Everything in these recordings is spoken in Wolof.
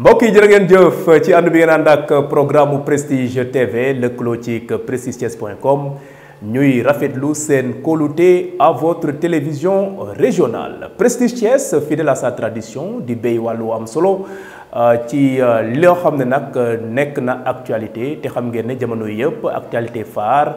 Bonjour je jërë programme prestige tv le ñuy à votre télévision régionale prestige fidèle à sa tradition du solo euh, ci euh, euh, na actualité actualité phare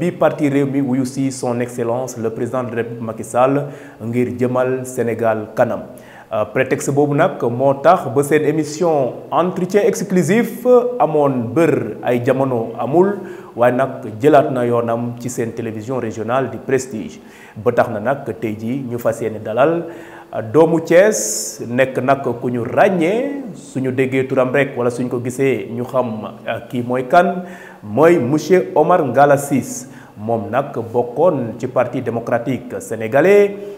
bi parti son excellence le président de la république Macky Sall ngir jëmal Sénégal kanam euh, prétexte boobu nag moo tax ba émission entretien exclusif amone bër ay jamono amul way nak jëlat na yonam ci seen télévision régionale du prestige ba tax na nag tey jii ñu dalal euh, doomu Thiès nek nak ku ñu suñu déggé turam rek wala suñ ko gisee ñu xam euh, ki moy kan moy monsieur Omar Ngalla Ciss nak, nag ci parti démocratique sénégalais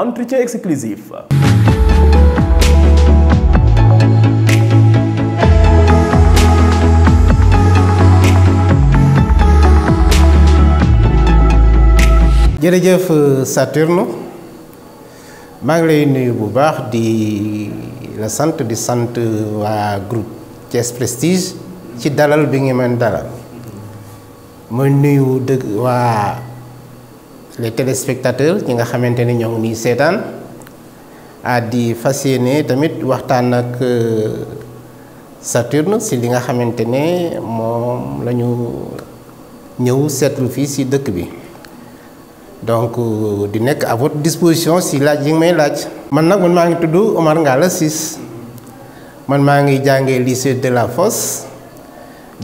entretien exclusif. de euh, Saturne maa nuyu bu la centre du centre du groupe Thiès Prestige ci dalal bi ngi dans le. ma nuyu les téléspectateurs ñi nga xamante ni ñoo ngi ñuy seetaan ah di fas yéene tamit waxtaan ak euh, Saturne si li nga xamante ne moom la ñu ñëw seetlu fii si dëkk bi donc euh, di nekk à votre disposition si laaj yi nga may laaj. man nag man maa ngi tudd Omar Ngalla Ciss man maa ngi jàngee lycée de la Fosse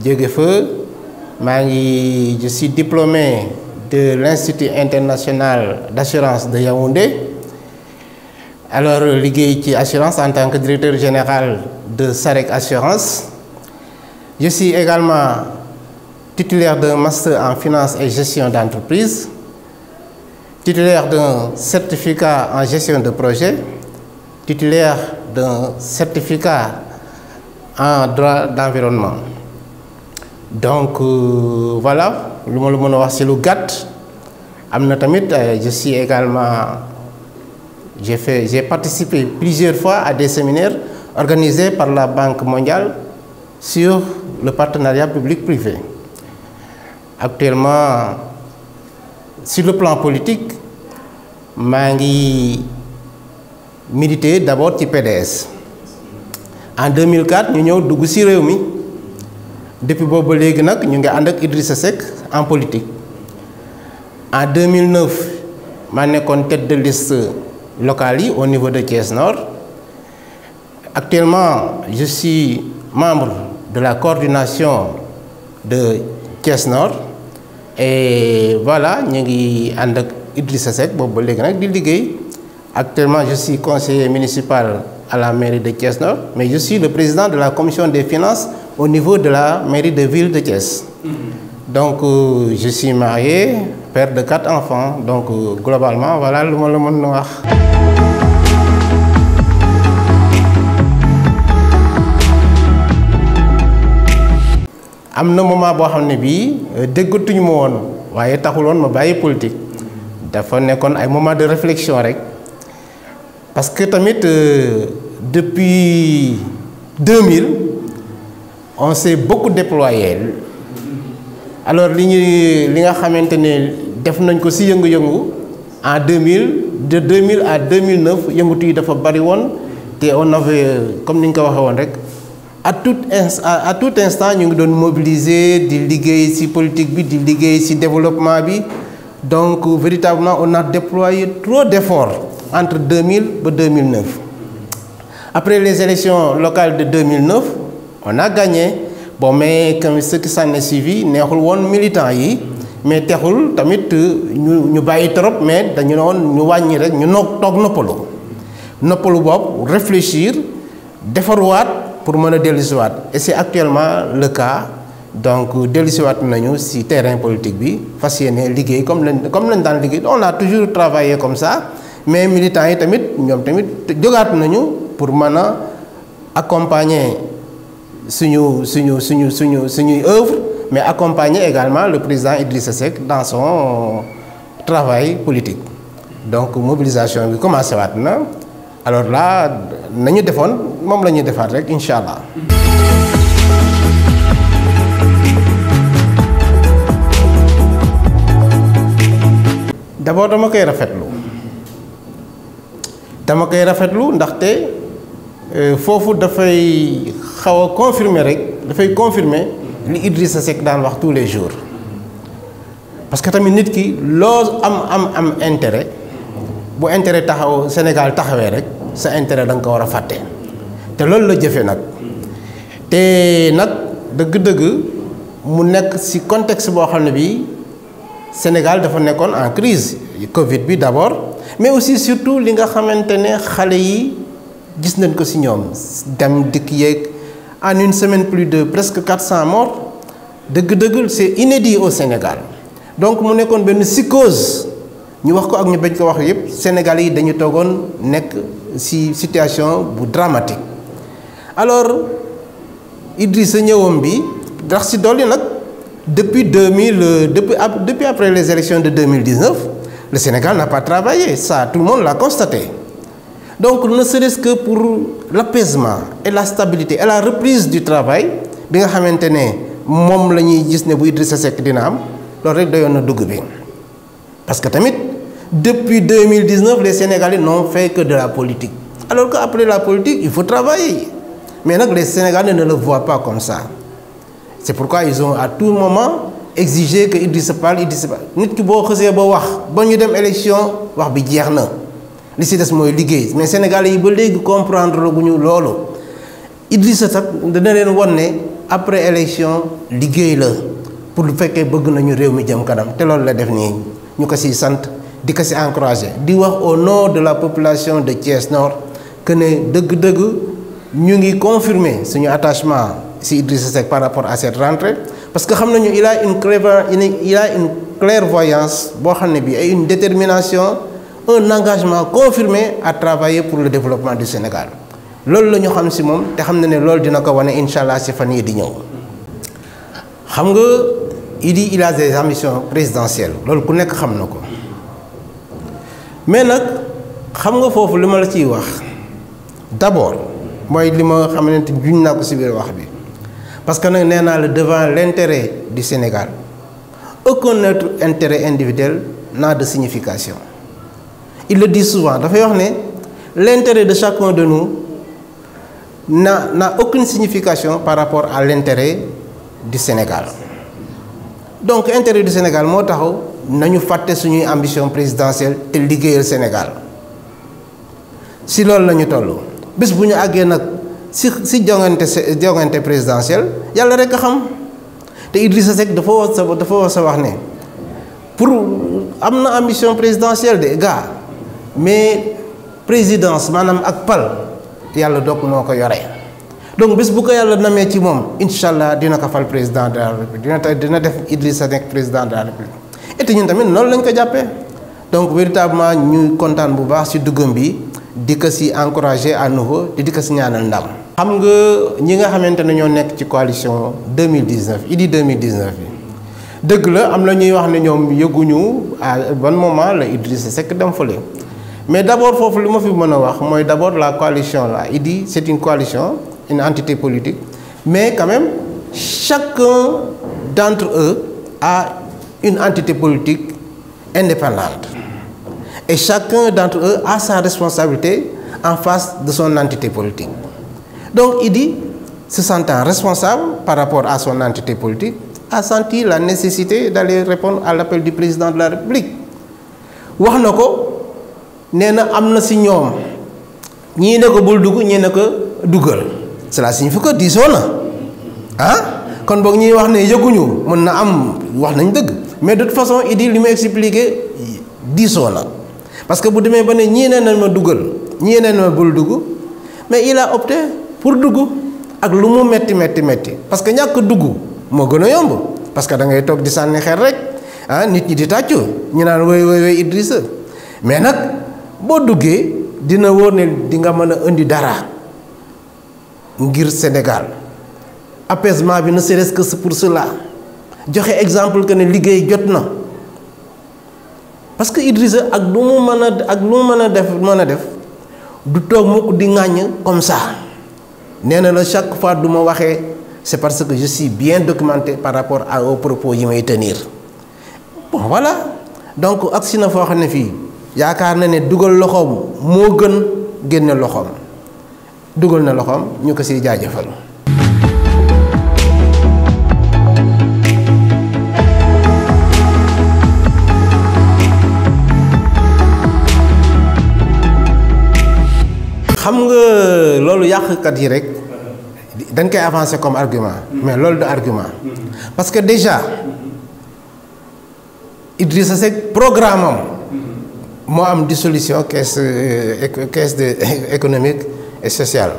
jóge fa maa ngi je suis diplômé. de l'Institut international d'assurance de Yaoundé. Alors, ligué qui assurance en tant que directeur général de SAREC Assurance. Je suis également titulaire d'un master en finance et gestion d'entreprise, titulaire d'un certificat en gestion de projet, titulaire d'un certificat en droit d'environnement. Donc euh, voilà euh, je suis également j'ai participé plusieurs fois à des séminaires organisés par la Banque mondiale sur le partenariat public-privé. Actuellement, sur le plan politique, Mangi milité d'abord du PDS. En 2004, nous avons Dougousi Réumi. Depuis Bobo Léguenac, nous avons Idrissa Seck, en politique en 2009 suis en tête de liste locale au niveau de Thiès Nord actuellement je suis membre de la coordination de Thiès Nord et voilà nous avons actuellement je suis conseiller municipal à la mairie de Thiès Nord mais je suis le président de la commission des finances au niveau de la mairie de ville de Kies donc euh, je suis marié père de quatre enfants donc euh, globalement voilà le monde noir. à moment bo xamné bi bii euh, mo won woon waaye taxuloon ma bàyyi politique dafa nékkone ay moment de réflexion rek parce que tamit depuis 2000 on s'est beaucoup déployé alors li que li nga fait, c'est def nañ ko en 2000 de 2000 à 2009 nous avons fait bari woon on avait comme nous l'avons dit, à tout à tout instant nous avons mobilisé, mobiliser di liggéey ci politique bi di liggéey développement donc véritablement on a déployé trop d'efforts entre 2000 et 2009 après les élections locales de 2009 on a gagné bon mais comme ce qui s'en est suivi pas militant militants, mais nous tamit euh, ñu ñu nous trop mais dañu ne nous ñu nous ñu nous nous nous des choses réfléchir pour nous des et c'est actuellement le cas donc nous euh, nañu terrain politique bi comme comme on a toujours travaillé comme ça mais militants tamit nous tamit pour nous accompagner suñu suñu suñu œuvre mais accompagner également le président Idrissa Seck dans son travail politique donc mobilisation bi commencé wat alors là nañu defoon mom nous ñuy InshaAllah rek inshallah d'abord dama koy rafetlu dama koy rafetlu ndaxte euh, fofu da fay a confirmer rek fay confirmer ni Idrissa Seck daan wax tous les jours parce que tamit nit ki lo am am am intérêt bu intérêt taxaw Sénégal taxawé rek sa intérêt da ko war loolu la jëfé nak té nak deug deug mu nek ci contexte bo xamné bi bii Sénégal dafa nekkoon en crise Covid bi d'abord mais aussi surtout li nga xamante xalé yi gis nañ ko si ñoom dem dikk yeeg en une semaine plus de presque 400 morts dëgg-dëgg c'est inédit au Sénégal donc mu nekkoon benn psychose ñu wax ko ak ñu bañ ko wax yépp Sénégalais yi dañu toogoon nekk ci situation bu dramatique alors Idrissa ñëwam bi ndax ci dolli nag depuis 2000 euh, depuis depuis après les élections de 2019 le Sénégal n'a pas travaillé ça tout le monde l'a constaté donc ne serait-ce que pour l'apaisement et la stabilité et la reprise du travail bi nga maintenant, ne moom la ne bu Idrissa Seck dina am loolu rek parce que depuis 2019 les Sénégalais n'ont fait que de la politique alors qu'après la politique il faut travailler mais les Sénégalais ne le voient pas comme ça c'est pourquoi ils ont à tout moment exigé qu'ils Idrissa Seck Idrissa Seck nit ki boo xësee ba wax ba ñu dem élection wax bi li si des mooy liggéey mais Sénégalais yi ba léegi comprendre la gu lolo. Idrissa Seck dana leen won après élection liggéey la pour le fekkee bëgg nañu réew mi jëm kanam té loolu la def ni ñu ko ci sant di ko ci encourager di wax au nom de la population de Thiès Nord que né deug deug ñu ngi confirmer suñu attachement si Idrissa Seck par rapport à cette rentrée parce que xam nañu il a une clairvoyance il a une clairvoyance boo xam ne bi ay une détermination un engagement confirmé à travailler pour le développement du Sénégal C'est ce que xam savons, et te xam na c'est loolu dina ko wane incha allah si il dit il a des ambitions présidentielles c'est ku nekk xam na mais nag xam nga foofu li la ciy d'abord mooy li ma xamante ni juñ que ko biir wax parce que nous sommes devant l'intérêt du Sénégal aucun autre intérêt individuel n'a de signification il le dit souvent l'intérêt de chacun de nous n'a aucune signification par rapport à l'intérêt du Sénégal donc l'intérêt du Sénégal c'est nous nañu fait suñuy ambition présidentielle te le Sénégal si nous avons nous toll bés si si jongante jongante présidentielle yalla rek a xam té Idrissa Seck dafa pour amna ambition présidentielle dé gars mais présidence madame ak pal le donc si bu ko yalla namé ci mom inshallah dina ko président de la république dina ta def Idrissa président de la république et ñun tamit non lañ ko jappé donc véritablement ñu contane bu baax ci dugum bi di ko si encouragé à nouveau di di si ñaanal ndam. xam nga ñi nga ñoo ci coalition 2019 idi 2019 bi dëgg la am la ñuy wax ne moment la Idrissa dem mais d'abord, il faut que je fi mën la coalition là il dit c'est une coalition une entité politique mais quand même chacun d'entre eux a une entité politique indépendante et chacun d'entre eux a sa responsabilité en face de son entité politique donc il dit se sentant responsable par rapport à son entité politique a senti la nécessité d'aller répondre à l'appel du président de la République wax nee amna am na ke ñoom ñii ne bul dugg ñii ne ko dugal cela signifie que diisoo na ah kon nyi ñuy wax ne mën na am wax nañ dëgg mais de toute façon il dit li ma expliqué diisoo na parce que bu demee ba ne ñii ma dugal ñii nee ma bul dugg mais il a opté pour dugg ak lu mu metti metti metti parce que ñàkk dugg moo gën yomb parce que da ngay toog di sànni xel rek ah nit ñi di tàccu ñu naan woy Idrissa mais boo duggee dina wóor ne di nga mën indi dara ngir Sénégal apaisement bi ne serait-ce que pour cela joxe exemple que ne liguey jotna. parce que Idrissa ak lu mu mën ak lu mu def mën def du tok moko di ŋàññ comme ça Néna la chaque fois du ma c'est parce que je suis bien documenté par rapport à au propos yi tenir bon voilà donc agsi na fo xamné fi yaakaar na ne dugal loxoom moo gën génne loxoom dugal na loxoom ñu ko siy jaajëfal. xam nga loolu yàqkat yi rek dañ koy avancer comme argument mais loolu du argument parce que déjà Idrissa Seck programme am Moi am dissolution caisse euh, caisse de économique et sociale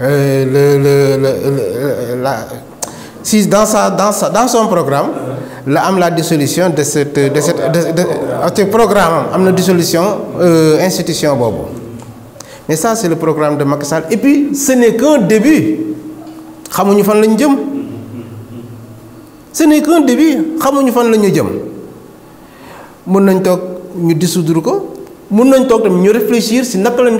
euh, le la si dans sa dans sa dans son programme la am la dissolution de cette de cette de ah, programme am la dissolution euh, institution bobo mais ça c'est le programme de Macky et puis ce n'est qu'un début comment fan la ñu ce n'est qu'un début comment fan la ñu mën nañ toog ñu dissoudre ko mën nañ réfléchir si naka lañ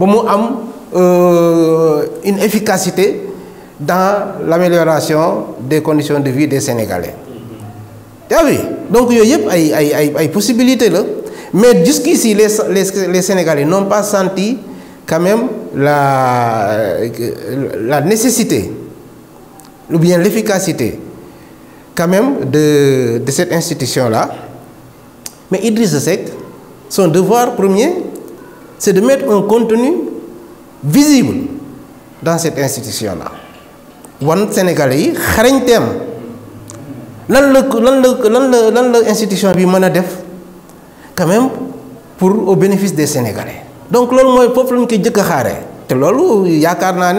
a euh, une efficacité dans l'amélioration des conditions de vie des Sénégalais. Mm-hmm. donc il y a des possibilités Mais jusqu'ici, les, Sénégalais n'ont pas senti quand même la, euh, la nécessité ou bien l'efficacité quand même de, cette institution-là. Mais Idriss Seck, son devoir premier, c'est de mettre un contenu visible dans cette institution-là. wan Sénégalais yi xarañteem lan la lan quand même pour au bénéfice des Sénégalais. donc loolu le problème que que jëkk là xaaree c'est ce yaakaar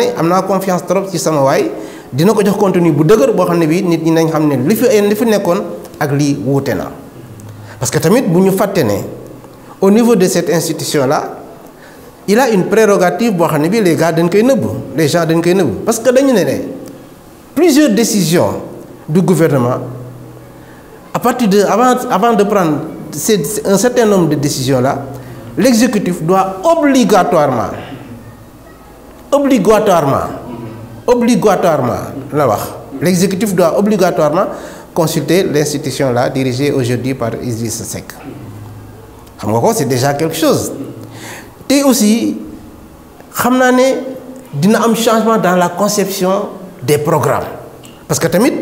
confiance trop ci sama waay dina ko jox contenu bu dëgër bo xamné bi, nit ñi nañ xamné li fi li fi ak li parce que tamit buñu faté né au niveau de cette institution là il a une prérogative pour xamné bi les gars dañ koy neub les gens dañ koy neub parce que dañu né né plusieurs décisions du gouvernement à partir de avant avant de prendre un certain nombre de décisions là l'exécutif doit obligatoirement obligatoirement obligatoirement l'exécutif doit obligatoirement consulter l'institution là dirigée aujourd'hui par Isis Sek. c'est déjà quelque chose et aussi xam y a changement dans la conception des programmes parce que tamit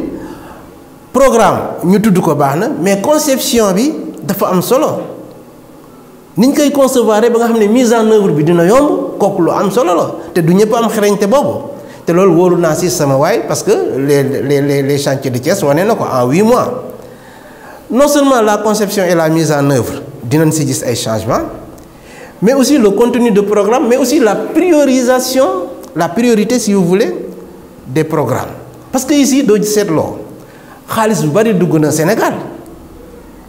programme ñu la ko mais conception bi dafa am solo ni concevoir ba mise en œuvre bi dina yomb mise en am la du c'est le rôle naa sama way parce que les les les chantiers de Thiès sont nako en 8 mois non seulement la conception et la mise en œuvre d'une ci gis ay changements mais aussi le contenu de programme mais aussi la priorisation la priorité si vous voulez des programmes parce que ici il ci lo xaalis bu bari dugg na Sénégal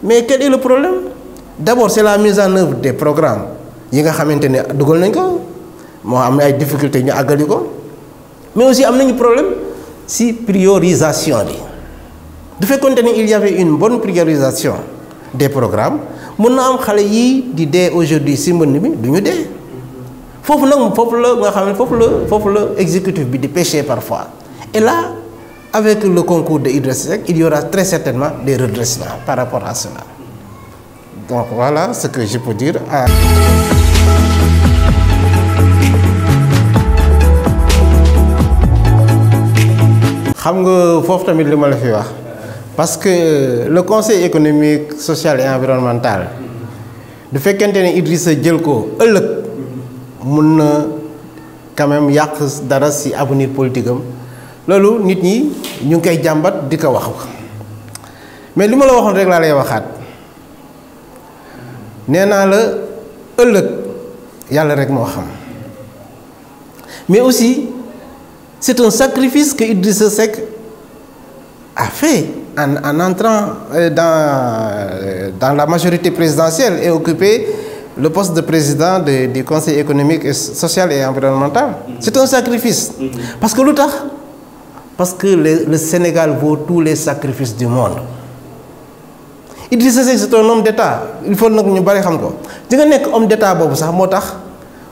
mais quel est le problème d'abord c'est la mise en œuvre des programmes yi nga a dugul nañ ko mo am ay difficultés ñu àggali mais aussi a un problème la priorisation De fait quand il y avait une bonne priorisation des programmes mon nom am xale yii aujourd'hui si mon mi il faut parfois et là avec le concours de Hydrosec, il y aura très certainement des redressements par rapport à cela donc voilà ce que je peux dire à... xam nga foofu tamit li ma la fi wax parce que euh, le conseil économique social et environnemental du fekkente ne Idrissa jël ko ëllëg mun na quand même yàq dara si avenir politique am loolu nit ñi ñu ngi koy jàmbat di ko wax mais li ma la waxoon rek laa lay waxaat nee la ëllëg yàlla rek moo xam mais aussi. C'est un sacrifice que Idriss Seck a fait en, entrant euh, euh, dans, la majorité présidentielle et occupé le poste de président du Conseil économique, social et environnemental. C'est un sacrifice. Parce que parce que le, Sénégal vaut tous les sacrifices du monde. Idriss Seck c'est un homme d'État. Il faut que nous le sachions. Si vous êtes homme d'État,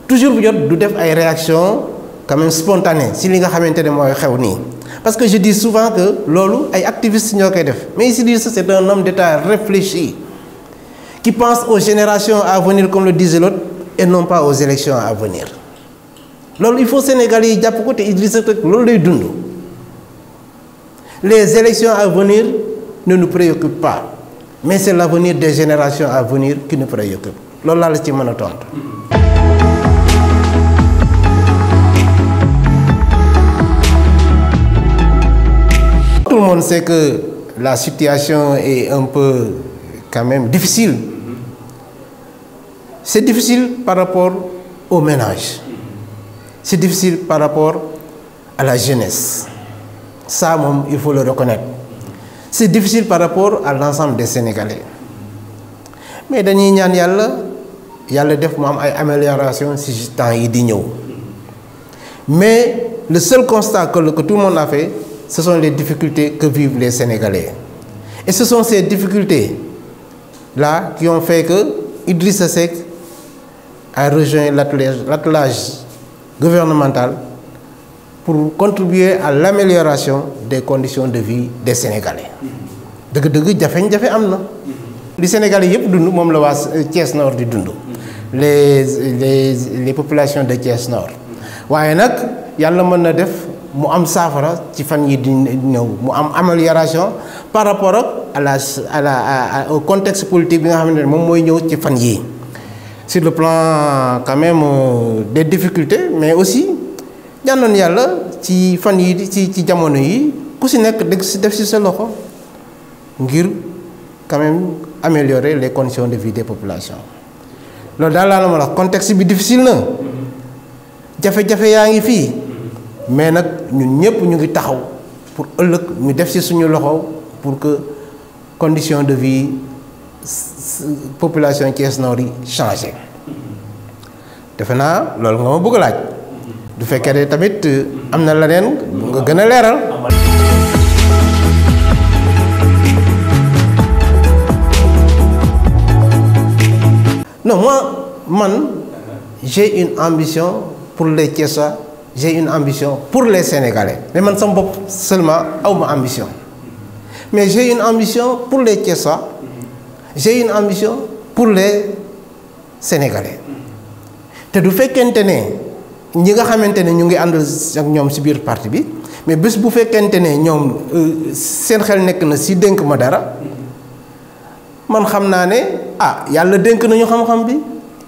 toujours vous avez des réactions quand même spontané si vous nga parce que je dis souvent que Lolo un activiste. Mais def mais que c'est un homme d'État réfléchi qui pense aux générations à venir comme le disait l'autre et non pas aux élections à venir Lolo, il faut Sénégalais il dit. que te les élections à venir ne nous préoccupent pas mais c'est l'avenir des générations à venir qui nous préoccupe Lolo, laa la ci tout le monde sait que la situation est un peu quand même difficile. C'est difficile par rapport au ménage. C'est difficile par rapport à la jeunesse. Ça, il faut le reconnaître. C'est difficile par rapport à l'ensemble des Sénégalais. Mais ñaan y améliorations si mais le seul constat que tout le monde a fait ce sont les difficultés que vivent les Sénégalais. Et ce sont ces difficultés-là qui ont fait que Idrissa Seck a rejoint l'attelage gouvernemental pour contribuer à l'amélioration des conditions de vie des Sénégalais. Deug deug Sénégalais dund la Nord dund. les populations de Thiès Nord. nak mu am saafara ci fan yi di ñëw mu am amélioration par rapport ak à la à la au contexte politique bi nga xamné mom moy mooy ci fan yi sur le plan quand même euh, des difficultés mais aussi ñaanoon yalla ci fan yi ci ci jamono yi ku ci nek def ci def si sa loxo ngir quand même améliorer les conditions de vie des populations loolu daal laa la ma wax contexte bi difficile na jafé jafé yaangi fi mais nak ñun ñëpp ñu ngi taxaw pour ëllëg ñu def ci suñu loxo pour que condition de vie population Thiès Nord yi changé defe naa loolu nga ma bëgg laaj. du fekkee ne tamit euh, amna na nga gëna léral non moi man j'ai une ambition pour les Thiessois j'ai une ambition pour les Sénégalais mais man sama bopp seulement aw ma ambition mais j'ai une ambition pour les Thiessois j'ai une ambition pour les Sénégalais te du fekkente ne ñi nga xamante ne ñu ngi ànd ak ñoom ci biir parti bi mais bés bu fekkente ne ñoom euh, seen xel nekk na ci dénk ma dara man xam naa ne ah yàlla dénk nañu xam-xam bi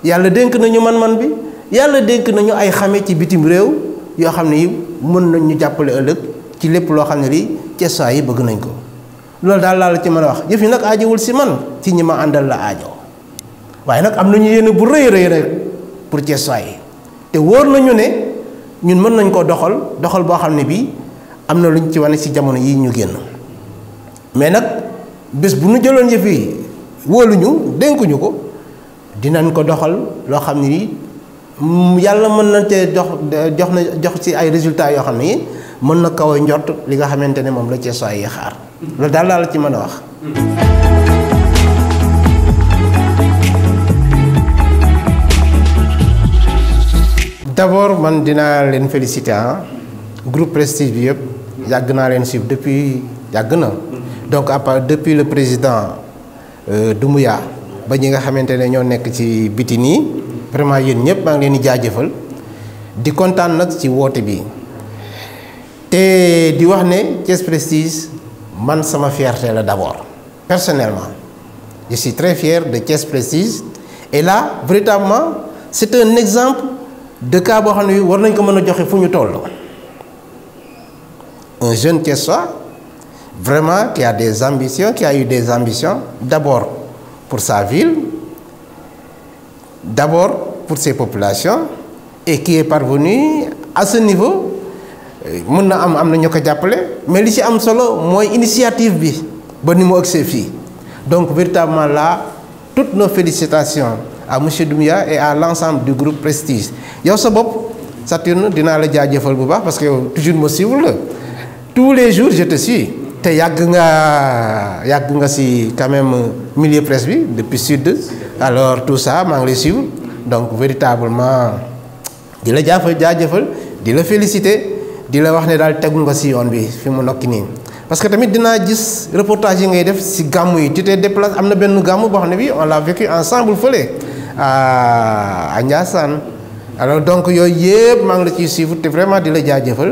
yàlla dénk nañu man-man bi yàlla dénk nañu ay xame ci bitim réew yoo xam ne yi mën nañ ñu jàppale ëllëg ci lépp loo xam ne lii ceesaa yi bëgg nañ ko loolu daal laal la ci mën a wax jëf yi nag aajowul si man ci ñi ma àndal la aajo waaye nag am nañu yéene bu rëy rëy rek pour ceesaa yi te wóor nañu ne ñun mën nañ koo doxal doxal boo xam ne bii am na luñ ci wane si jamono yi ñu génn mais nag bés bu ñu jëloon yëf yi wóoluñu dénkuñu ko dinañ ko doxal loo xam ne nii Mm, yàlla mën na cee jox jox na jox ci ay résultats yoo xam mën na kaw a li nga xamante ne la cee sooy xaar loolu daal la ci wax d'abord man féliciter ah. groupe prestige bi suivre depuis na donc à part depuis le président euh, Doumbouya ba ñi nga xamante ne ñoo nekk vraiment yéen ñep maa ngi leen di jaajëfal di kontaan nak ci wote bi te di wax né Thiès Prestige man sama fierté la d'abord personnellement je suis très fier de Thiès Prestige et là véritablement c'est un exemple de cas bo xamni war nañ ko mëna joxé joxe fu ñu toll un jeune Thiessois vraiment qui a des ambitions qui a eu des ambitions d'abord pour sa ville d'abord pour ces populations et qui est parvenu à ce niveau Je euh, ne am pas mais c'est ci am solo initiative bi ba donc véritablement là toutes nos félicitations à M. Doumia et à l'ensemble du groupe Prestige yow sa bopp Saturne dinaa la jaajëfal bu parce que suis toujours ma tous les jours je te suis te es nga quand même milieu presse depuis le sud alors tout ça je suis suivre donc véritablement di la jaafal jaajëfal di la féliciter di la wax ne daal tegu nga si yoon bi fi mu nokki nii parce que tamit dinaa gis reportage yi ngay def si gàmmu yi tu te déplace am benn gàmmu boo xam bi on l'a vécu ensemble fële à Ndiassane alors donc yooyu yëpp maa ngi la ciy suivre te vraiment dila la jaajëfal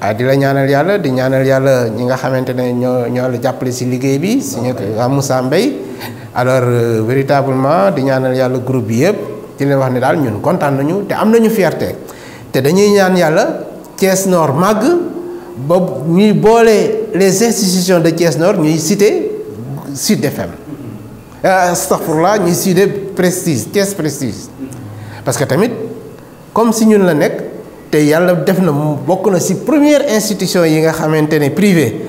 dila di la ñaanal yàlla di ñaanal yàlla ñi nga xamante ne ñoo ñoo la jàppale si liggéey bi si ñu Moussa Mbaye alors euh, véritablement di ñaanal yàlla groupe bi di nous wax ni nous ñun fierté dañuy ñaan Nord les institutions de Thiès Nord ñuy cité euh, cité Prestige Thiès Prestige parce que comme si ñun la première institution yi nga xamante privé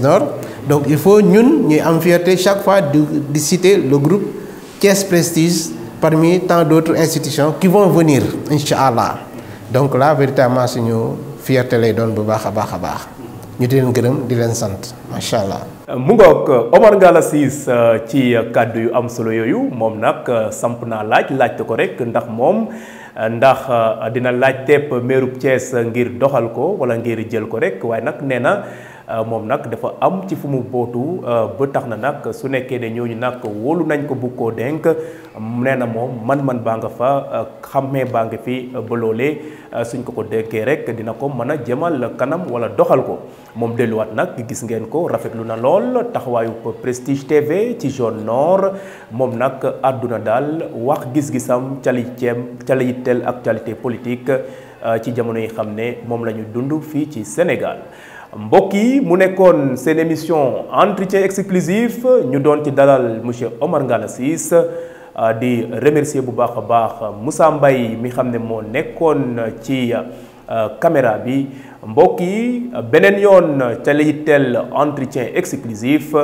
Nord donc il faut ñun ñuy fierté chaque fois de citer le groupe Thiès Prestige parmi tant d'autres institutions qui vont venir incha donc là véritablement suñu fierté les doon bu baax a baax a baax ñu di leen gërëm di leen sant macha allah. mu ngoog Omar Galla Ciss euh, ci kàddu yu am solo yoyu mom nak euh, samp naa laaj laajte ko rek ndax mom euh, ndax dina laaj tepp meerub Thiès ngir doxal ko wala ngir jël ko rek way nak nee Euh, moom nag dafa am ci fu mu bootu euh, ba tax na nag su nekkee ne ñooñu nag wóolu nañ ko bu koo dénk nee na moom man-man baa nga fa euh, xammee baa nga fi ba loolee suñ ko ko dénkee rek dina ko mën a jëmal kanam wala doxal ko moom delluwaat nag gis ngeen ko rafetlu na lool taxawaayu Prestige TV ci zone nord moom nag àdduna daal wax gis-gisam cali ceem cali yitteel actualité politique ci jamono yi xam ne moom la ñu dund fii ci Sénégal Mboki, Munekon, mu une émission entretien exclusif Nous donnons dalal Omar euh, de remercier Moussa Mbaye mi euh, caméra bi entretien exclusif